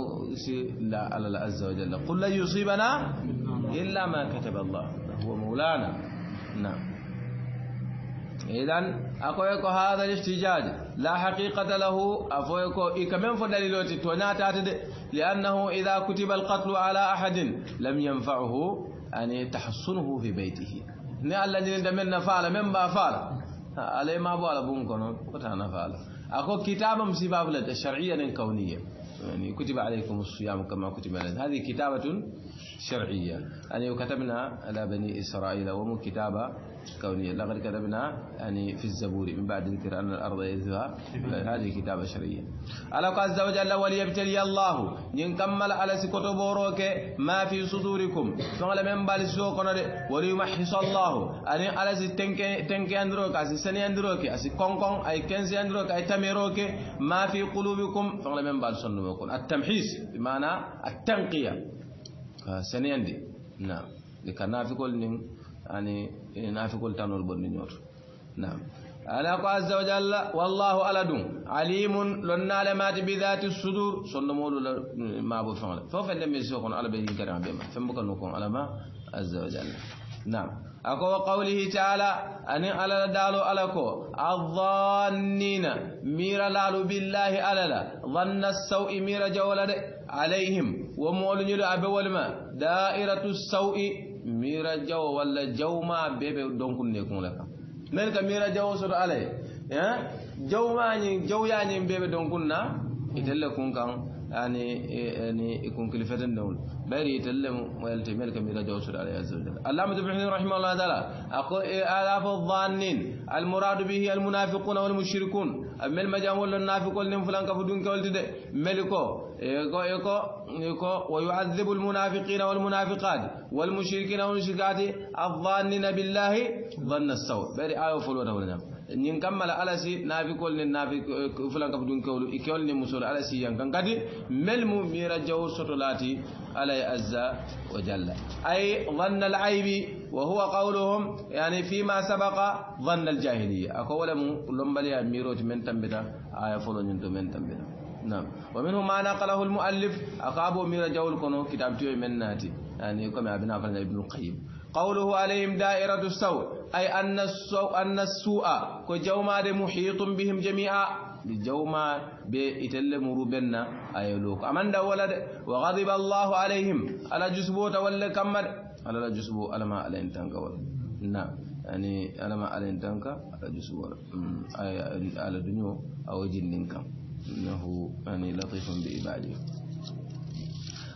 لا على الله عز وجل قل لن يصيبنا إلا ما كتب الله هو مولانا نعم إذن أكويكو هذا الاحتجاج لا حقيقة له أفويكو إكمن فدليلوتي أتد لأنه إذا كتب القتل على أحد لم ينفعه أن تحصنه في بيته ni alla ñini damen faala men ba faala alay ma bo ala bun kono kotana faala ako kitaba msibabu la يعني كتب عليكم الصيام كما كتب علينا هذه كتابة شرعية أن يعني يكتبنا على بني إسرائيل وهم كتابة كونية لقد كتبنا يعني في الزبور من بعد ذكر أن الأرض يرثها هذه كتابة شرعية على عز وجل وليبتلي الله ينكمل على سكتبوروك ما في صدوركم فعلا من بالي سوقنا وليمحص الله أن على سي تنكي أندروك أسي سني أندروك أسي كون أي كنز أندروك أي تميروك ما في قلوبكم فعلا من بالي سنوكم التمحيص بمعنى التنقية آه، سني عندي نعم لكنا في كل يعني إيه، نافقول تانول بون نيوت نعم أنا زوج الله والله على دون عليم لنا لما بذات الصدور صلى مول ما ابو فعل ففن لم يسوقون على بين كرام بما فمكن نكون على ما عز وجل نعم أكو قوله تعالى أن على دالو على كو الظانين مير لالو بالله على لا ظن السوء مير جولد عليهم ومولن يلعب والما دائرة السوء mira jawo walla jawma bebe donkunde kuŋola kaŋ men ka mira jawo soto ni eh? jaw ya ni bebe donkun na itelle kun kan يعني يعني يكون كلفة النول باري يتلم ويلتمل كم إلى جوسر عليه عز وجل الله ابن حزم رحمه الله تعالى أقول آلاف الظانين المراد به المنافقون والمشركون أما المجامل ولا النافق ولا فلان كفدون كولتد ملكو يكو يكو يكو ويعذب المنافقين والمنافقات والمشركين والمشركات الظانين بالله ظن السوء باري آية فلونا ولا نعم. نين كمل على سي نافي كل نين نافي فلان كبدون كولو إكيل نين مسور على سي يان كان كادي مل مو ميرا جو سطلاتي على أزا وجل أي ظن العيب وهو قولهم يعني فيما سبق ظن الجاهلية أقول مو كلهم بلي ميروج من تنبتا آية فلان ينتو من تنبتا نعم ومنهم ما نقله المؤلف أقابو ميرا جو الكونو كتاب تيوي من ناتي يعني كما أبنا فلان ابن القيم قوله عليهم دائرة السوء أي أن السوء أن السوء كجوما محيط بهم جميعا بجوما بيتل مروبنا لوك أمن ولد وغضب الله عليهم على جسبو تولى كمد على جسبو على ما على إنتانك نعم يعني على ما على إنتانك على جسبو على دنيو أو جنين كم إنه يعني لطيف بإباده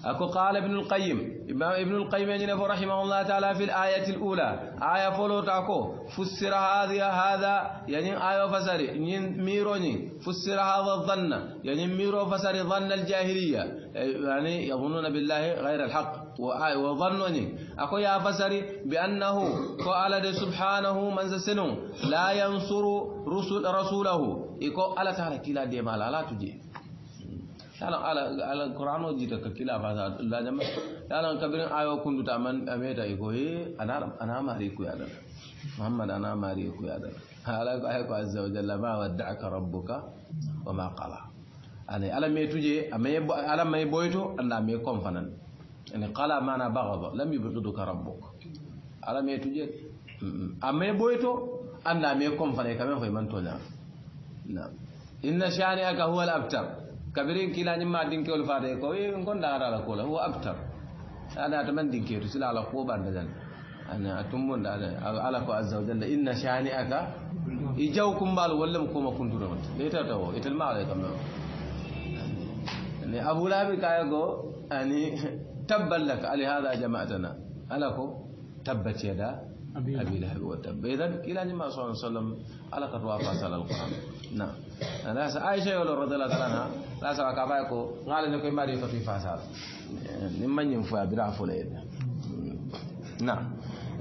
أكو قال ابن القيم ابن القيم ينفو رحمه الله تعالى في الآية الأولى آية فولو تاكو فسر هذا هذا يعني آية فسر ميروني فسر هذا الظن يعني ميرو فسر ظن الجاهلية يعني يظنون بالله غير الحق وظنني أكو يا فسر بأنه قال سبحانه من سنو لا ينصر رسول رسوله إكو ألا تعالى كلا مالا لا تجي yalan ala ala qur'ano jita ka kila ba za la jama yalan kabirin ayo kun duta man ameta iko he ana ana mari ku yadan muhammad ana mari ku yadan ala ko ayo azza wa jalla ma wadda'aka rabbuka wa ma qala ani ala me tuje ame ala me boyto anda me konfanan ani qala mana baghada lam yubghiduka rabbuk ala me tuje ame boyto anda me konfane kamen fay man tonya na inna shani'aka huwa al-abtar كبيرين كلا نما دين كول فاتي كو يكون دارا لا كولا هو اكثر انا اتمنى دين كيرو سلا على كو بعد ذلك انا اتمنى على كو عز وجل ان شانئك يجوكم بال ولم كما كنت رمت ليتا تو اتل ما عليك يعني ابو لهب كايغو يعني تبا لك لهذا جماعتنا على كو تبت يدا أبي لهب وتب إذا كلا نما صلى الله عليه وسلم على كتوا سال القرآن نعم لا سا عائشة يقول رضي الله عنها لا سا كبايكو قال لكم ما ريتو في فصل نما ينفع برافو ليد نعم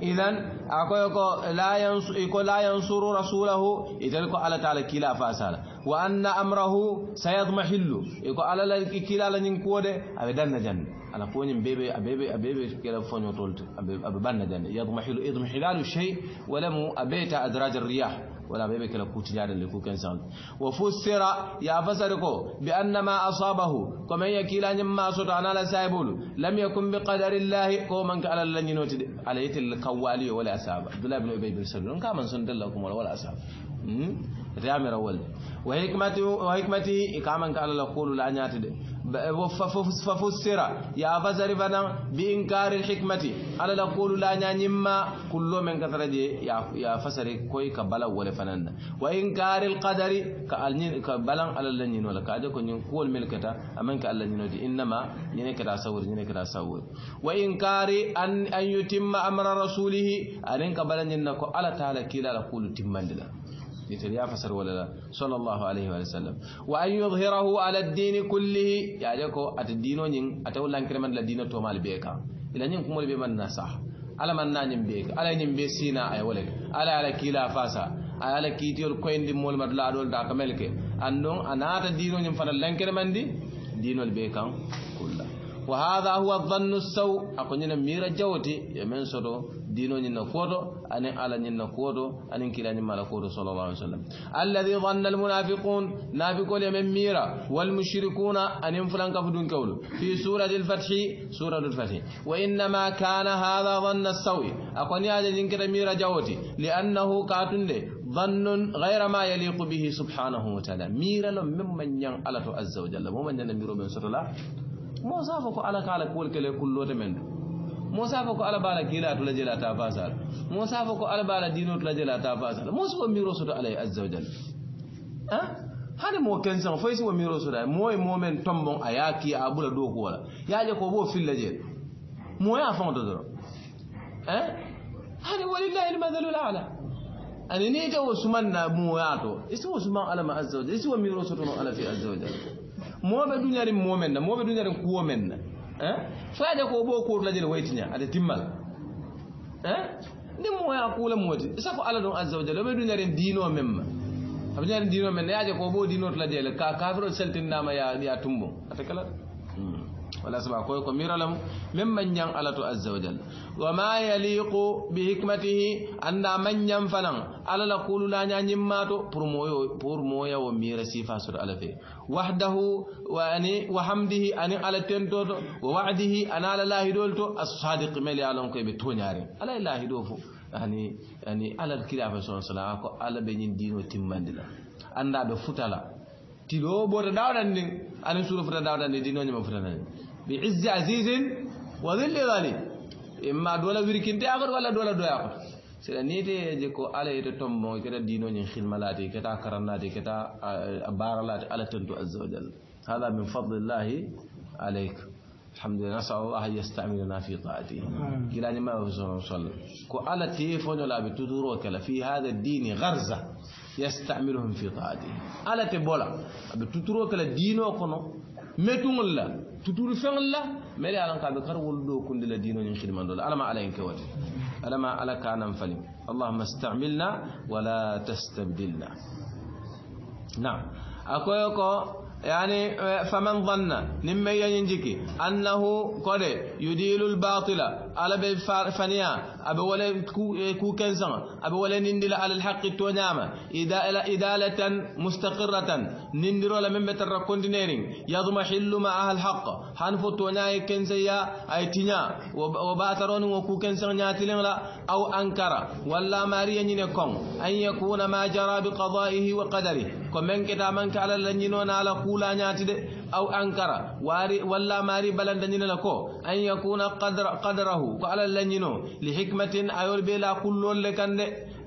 إذن أكو لا ينص ينصر لا ينصر رسوله إذن كو على تعالى كلا فاسال وأن أمره سيضمحل يكو على كلا لنكوده أبدا جنة أنا فوني بيبي أبيبي أبيبي كلا فوني وطولت أببنا دني يضمحل إضمحلال الشيء ولم أبيت أدراج الرياح ولا بيبي كلا كوت جار اللي كو كان سان وفسر يا فسركو بأن ما أصابه كما هي كلا نما صوت أنا لا سايبول لم يكن بقدر الله كو من على لن نوت على يت القوالي ولا أصاب عبد الله بن أبي بن سلول كما سند لكم ولا أصاب رامي رول وحكمته وحكمته كما قال لا قول لا نياتي ففسر يا فسر فنا بإنكار الحكمة أنا نقول لا نانيما كل من كثر دي يا فسر كوي كبلا ولا فنان وإنكار القدر كألني كبلا على اللنين ولا كأجا كن كل ملكتا أمن كألنين دي إنما ينك تاسور ينك تاسور وإنكار أن أن يتم أمر رسوله أن كبلا ينكو على تعالى كلا لقول تمندلا مثل يا فسر ولا لا صلى الله عليه وسلم وأن يظهره على الدين كله يعني كو الدين ين لك كلمة الدين تومال بيكا إلى نين كمول بمن نصح على من نين بيك على نين بسينا أي ولك على على كلا فاسا على كيتي koyndi mool mbaɗa laaɗol da ka melke أنو أنا a naata diinoñum fana lankere man di diinol ɓe kan وهذا هو الظن السوء أكون ميرا جوتي يمن سدو دينو نينا فودو أن على نينا فودو أن كلا مالا كودو صلى الله عليه وسلم الذي ظن المنافقون نافقوا يمن ميرا والمشركون أن ينفلان كفدون كول في سورة الفتح سورة الفتح وإنما كان هذا ظن السوء أكون يا جنكر ميرا جوتي لأنه كاتن ظن غير ما يليق به سبحانه وتعالى ميرا لم من ين على عز وجل ومن ين ميرو من سرلا موسى فكو على قال كل كل كل تمن موسى فكو على بالا كيلا تلا جلا تافاسال موسى فكو على بالا دينو تلا جلا تافاسال موسى وميرو سوت عليه عز وجل ها hani mo kensan fo isi wo miro soda moy momen tombon aya ki abula do ko wala yaje ko bo filla je moy afon do do eh hani walillahi almathalu alala ani ne ta wo sumanna mo yato isi wo suman alama azza wajal isi wo miro soto no ala fi azza wajal moɓe duñarin momen na moɓe duñarin kuwo men na faade ko ɓo kuur lajel waytiña aɗa timmal ndin moya kuula mooti sako ala ɗum azza wa jalla oɓe duñarin diino men ma aɓe duñarin diino men na yaaje ko ɓo diinoto lajele ka kafiro seltinnama ya ya tumbo ata kala ولا سبع كوي كمير لم ممن ين الله عز وجل وما يليق بحكمته أن من ين فنن على لقول لا نعني ماتو برمويا برمويا ومير سيفا سر على وحده وأني وحمده أني على تنتو ووعده أنا على الله دولتو الصادق ملي على أنكم بتونيارين على الله دوفو يعني يعني على الكلافة صلى الله عليه وسلم على بين دينه تمندلا أنا بفتلا تلو بورا داودا نين أنا سورة فتا داودا نين دينه نيما فتا نين بعز عزيز وذل ظليل إما دولا ويركنتي أخر ولا دولا دولا أخر سيدا نيتي جيكو على يتو تومبو كتا دينو نين خدملاتي كتا كرناتي كتا آه، بارلات على تنتو عز وجل هذا من فضل الله عليك الحمد لله نسأل الله أن يستعملنا في طاعته قلاني ما وصل كو على تيفون لا بتدور وكلا في هذا الدين غرزة يستعملهم في طاعته على تبولا بتدور وكلا دينو كنو ميتون الله تدور فن لا ملي على قلب كارو لو كن لا دين خدمه دول انا ما عليك وجه انا ما عليك انا مفلم اللهم استعملنا ولا تستبدلنا نعم اكويكو يعني فمن ظن نمي ينجيكي انه قد يديل الباطلة على فنيا أبو ولا كو كنسا أبو ولا نندل على الحق توناما إدالة إدالة مستقرة نندر على من بتر كونتينيرين مع أهل الحق حنفو توناي كنسيا أي تنيا وباترون وكو كنسا ناتلين لا أو أنكرا ولا ماريا نينكم أن يكون ما جرى بقضائه وقدره كمن كتامن كعلى لنينونا على قولا ناتد أو أنكر واري ولا ماري بلن دنين لكو أن يكون قدر قدره قال لنينو لحكمة أيول بلا كل لكن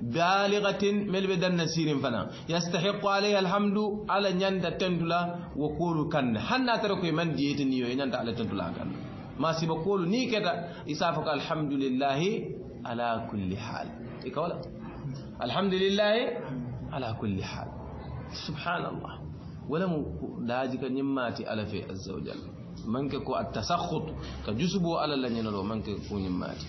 بالغة مل بدن نسير فنا يستحق عليه الحمد على نيانتا تندلا وقول كن حنا تركو من ديتني ينانتا على تندلا كن ما سيبقول ني كده يسافك الحمد لله على كل حال إيه الحمد لله على كل حال سبحان الله ولم داجك نماتي على في عز منك كو التسخط كجسبو على الله نلو منك كو نماتي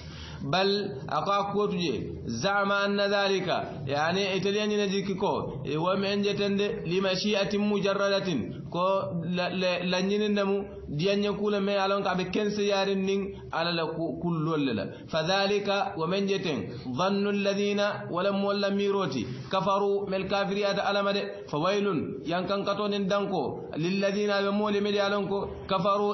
بل أقا كوتو جي زعم أن ذلك يعني إتليان نجيك كو ومن جتند لمشيئة مجردة ko la ñinin mu ko le me alon ka be kense yarin ning ala la kullol la fadhalika wa man yatin dhannu alladhina wa lam walla miroti kafaru mel ada alama de fawailun yankan katonin danko ladina be mole me alon ko kafaru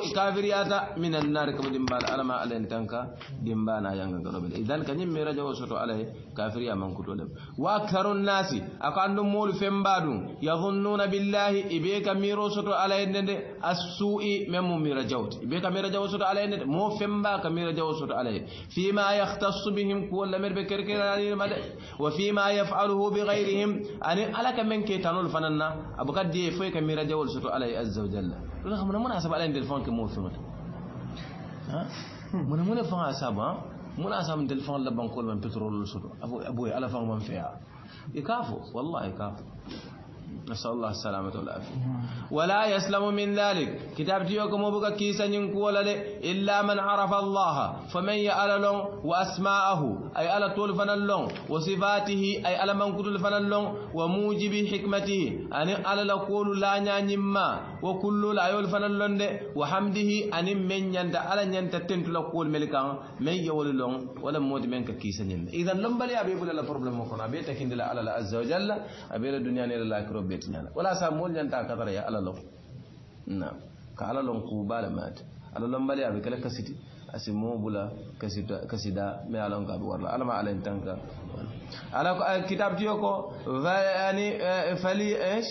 min an nar kam dimbal alama alen tanka dimbana yanga be idan kanyim me rajaw soto alay kafiriya man kutolem wa aktharun nasi akandum mol fembadum yadhunnuna billahi ibeka miro kamero soto ala yende nde assu'i men mo mira jawti be kamira jawo soto ala yende nende mo femba kamira jawo soto ala fi ma yahtassu bihim ku kuwolla men ɓe kerkeranima de wa fi ma yafaluhu bi ghayrihim ani ala ka men tanul fananna abokaddiye foye kamira jawol soto alaye azza wa jalla ɗoɗa kamona mona asaba ala yende fonke mo ha mona mona fan asaba mona asaba la bankol man pétrole soto aboye ala fan man fiya e kaafo wallahi kaafo نسأل الله السلامة والعافية ولا يسلم من ذلك كتاب تيوكم وبقى كيسا ينقول إلا من عرف الله فمن يألى لون وأسماءه أي ألا طول فنلون وصفاته أي ألا من كتل فنلون وموجب حكمته أن ألا لقول لا نعنما وكل لا يول فنلون وحمده أن من ينت ألا ينت تنت لقول ملكا من يول لون ولا موت منك كيسا ينم إذن لنبالي أبي للا لا problem مكونا أبي تكين لا ألا عز وجل أبي الدنيا نير الآخرة بيت نانا ولا سا مول نانتا كتر يا الله لو نعم كالا لون قوبال مات الله لون بالي ابي كلا كسيتي asimo bula kasida me alon ka warla alama ala tanka ala kitab tiyo ko yani fali ايش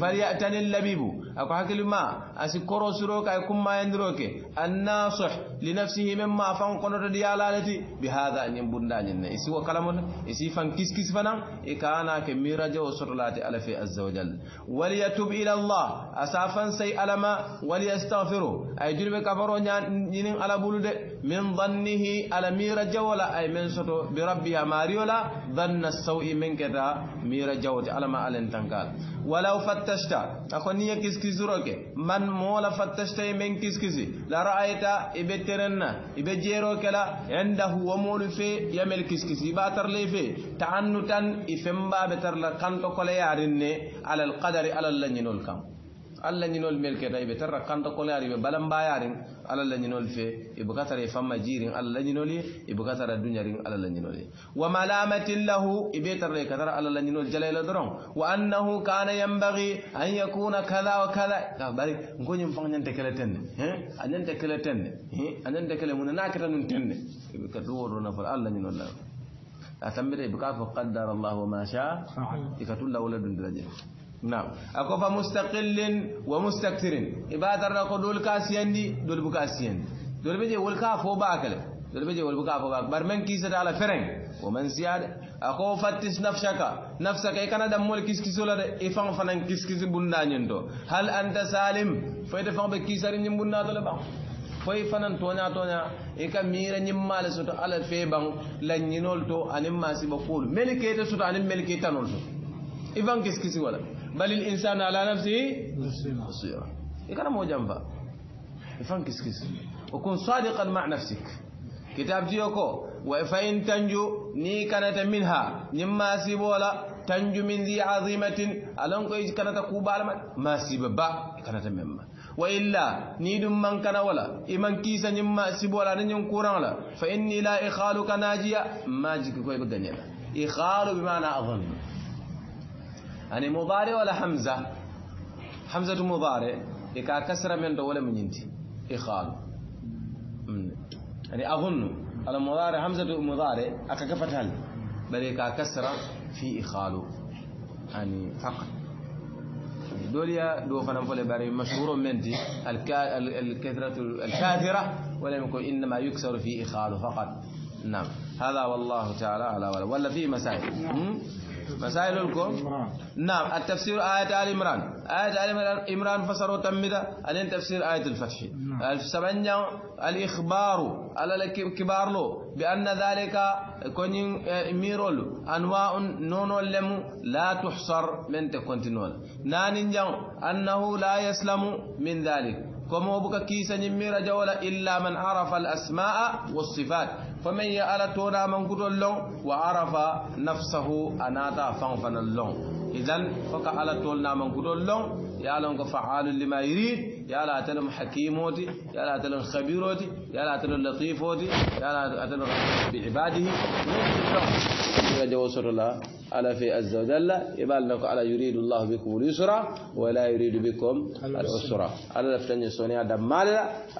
فليعتني اللبيب أكو حكي لما أسي كورو سروك أي كما يندروك الناصح لنفسه مما فان قنر ديالالتي بهذا أن ينبون جنة إسي وكلام إسي فان كيس كيس فانا إكانا كميرا جو سرلاتي في عز وجل وليتوب إلى الله أسافا سي ألما وليستغفرو أي جنب كفرو نين على بولد من ظنه على ميرا جو لا أي من سطو بربها لا ظن السوء من كذا ميرا جو على ما ألن تنقال ولو فتشت أخو نية كيس تزرك من مولا فتشتي من كيس كسكسي لرأيت إبترن إبجيرو كلا عنده ومول في يمل كيس كسكسي باتر لي في تعنتا إفنبا بتر لقنط كلا يارن على القدر على اللنين الكام alla ñi nol mel keta be tarra kanta ko laari be balam bayarin alla la ñi nol fe ibe e famma jirin alla la ñi ñinol ibe katara dunyarin alla la ñi ñinol wa malamatin lahu ibe tarra e katara alla la ñi nol jalaila doron wa annahu kana yanbaghi an yakuna kala wa kala ka bari ngoni fang ñante kala tenne hein añante kala tenne hein añante kala mun na kata nun tenne ibe ka do do na fal alla ñi nol la de ibe ka fa qaddara allah ma sha ikatulla wala dun dajje نعم اكو مستقل ومستكثر عباد الرقود دول دي دول بكاسين دول بيجي ولكا فو باكل دول بيجي والبكا فو باكل برمن كيس على فرن ومن زياد اكو فتس نفسك نفسك اي كان دم مول كيس كيس ولا اي فان فنان كيس كيس بوندا نيندو هل انت سالم فايت فان بكيسار نيم بوندا طلبا foyi fanan toña toña i ka miira ñimmaale soto ala fee baŋ la ñinol to aniŋ maasiba foolu meli keyita soto aniŋ meli keyitanol soto i كيس kisikisi wala بل الإنسان على نفسه بصيرة يكرم مو جنبا يفنكسكس وكن صادقا مع نفسك كتاب جيوكو وفاين تنجو ني كانت منها نما سيبولا تنجو من ذي عظيمة ألنك إيج كانت كوبا ما سيببا كانت مما وإلا نيد من كان ولا إمن كيسا نما سيبولا ننجم كوران ولا فإني لا إخالك ناجيا ما جيك كوي بغنيا إخال بمعنى أظن يعني مضارع ولا حمزة حمزة مضارع إكا كسر من دولة من ينتي إخال يعني أظن على مضارع حمزة مضارع أكا كفتل بل إكا كسر في إخال يعني فقط دوليا دو فنان فولي باري مشهور من دي الكثرة الكاثرة ولم يكن إنما يكسر في إخال فقط نعم هذا والله تعالى على ولا في مسائل مسائل الكون نعم التفسير آية آل عمران آية آل عمران فسروا تمدا أن تفسير آية الفتح نعم. السبعين يوم الإخبار على الكبار له بأن ذلك كوني آه، ميرول أنواع نون لم لا تحصر من تكونتنول يوم أنه لا يسلم من ذلك كما بك كيسا ميرا جولا إلا من عرف الأسماء والصفات فمن يألا تورا من قدر لون وعرف نفسه انا تا فانفن اللون إذن فكألا تونا من قدر لون يألا فعال لما يريد يا لا أتلم حكيموتي يا لا أتلم خبيروتي يا لا أتلم لطيفوتي يا لا أتلم بعباده يجوز الله على في عز وجل يبال لك على يريد الله بكم اليسرى ولا يريد بكم العسر على لفتن يسوني هذا مال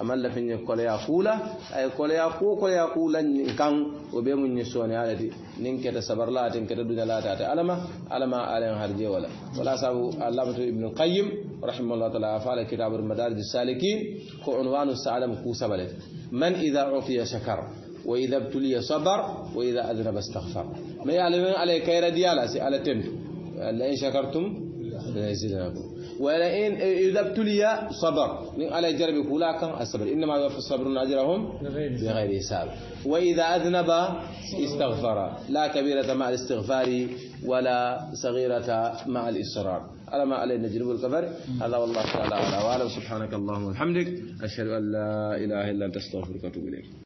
أما لفتن يقول يا يقول أي قول يقول قول يا يقول كان وبيم يسوني هذا نين تصبر لا تين تدنا لا تات على ما على ما على هرجي ولا ولا سابو علامة ابن القيم رحمه الله تعالى فعل كتاب مدارج السالكين هو عنوان السعادة بلد من إذا عفي شكر وإذا ابتلي صبر وإذا أذنب استغفر ما يعلم يعني عليك كير ديالا سي على تم لئن شكرتم ليزيدنكم ولئن إذا ابتلي صبر من على جرب كولا الصبر إنما يوفي الصبر أجرهم بغير حساب وإذا أذنب استغفر لا كبيرة مع الاستغفار ولا صغيرة مع الإصرار على ما عليه نجرب القبر هذا والله تعالى على وعلى سبحانك اللهم وبحمدك أشهد أن لا إله إلا أنت أستغفرك وأتوب إليك